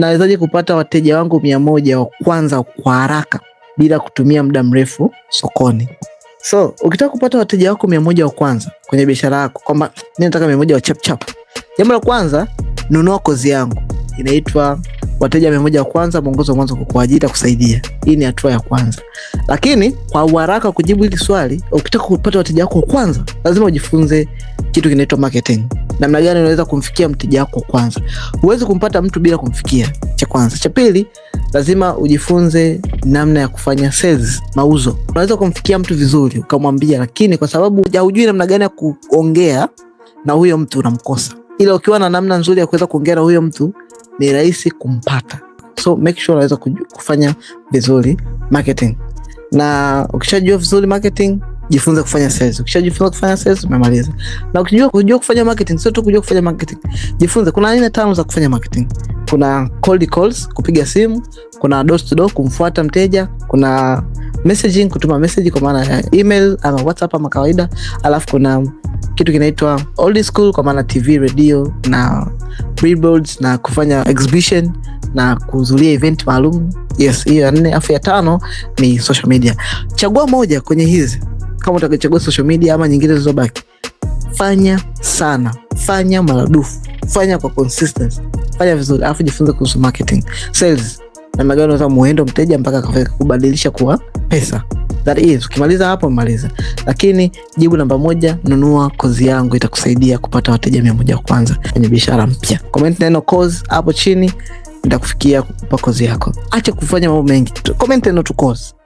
Nawezaje kupata wateja wangu mia moja wa kwanza kwa haraka bila kutumia muda mrefu sokoni? So ukitaka kupata wateja wako mia moja wa kwanza kwenye biashara yako, kwamba mi nataka mia moja wa chap jambo la kwanza, nunua kozi yangu inaitwa Wateja mia moja wa kwanza, mwongozo wa mwanzo kwa kuajiri, kusaidia. Hii ni hatua ya kwanza, lakini kwa uharaka kujibu hili swali, ukitaka kupata wateja wako wa kwanza lazima ujifunze kitu kinaitwa marketing namna gani unaweza kumfikia mteja wako kwanza. Huwezi kumpata mtu bila kumfikia, cha kwanza. Cha pili, lazima ujifunze namna ya kufanya sales, mauzo. Unaweza kumfikia mtu vizuri ukamwambia, lakini kwa sababu hujui namna gani ya kuongea na huyo mtu unamkosa, ila ukiwa na namna nzuri ya kuweza kuongea na huyo mtu ni rahisi kumpata. So make sure unaweza kufanya vizuri marketing, na ukishajua vizuri marketing jifunze kufanya sales. Ukishajifunza kufanya sales umemaliza. Na ukijua kujua kufanya marketing, sio tu kujua kufanya marketing. Jifunze kuna aina tano za kufanya marketing. Kuna cold calls, kupiga simu, kuna door to door, kumfuata mteja, kuna messaging, kutuma message kwa maana ya email ama WhatsApp ama kawaida, alafu kuna kitu kinaitwa old school kwa maana TV, radio na billboards na kufanya exhibition na kuhudhuria event maalum. Yes, hiyo ya nne. Afu ya tano ni social media. Chagua moja kwenye hizi kama utakichagua social media ama nyingine zilizobaki, fanya sana, fanya maradufu, fanya kwa consistency, fanya vizuri, alafu jifunze kuhusu marketing, sales na magano unaweza muendo mteja mpaka kafika kubadilisha kuwa pesa. That is, ukimaliza hapo umaliza. Lakini jibu namba moja, nunua kozi yangu, itakusaidia kupata wateja mia moja wa kwanza kwenye biashara mpya. Comment neno kozi hapo chini, nitakufikia kukupa kozi yako. Acha kufanya mambo mengi, comment neno tu kozi.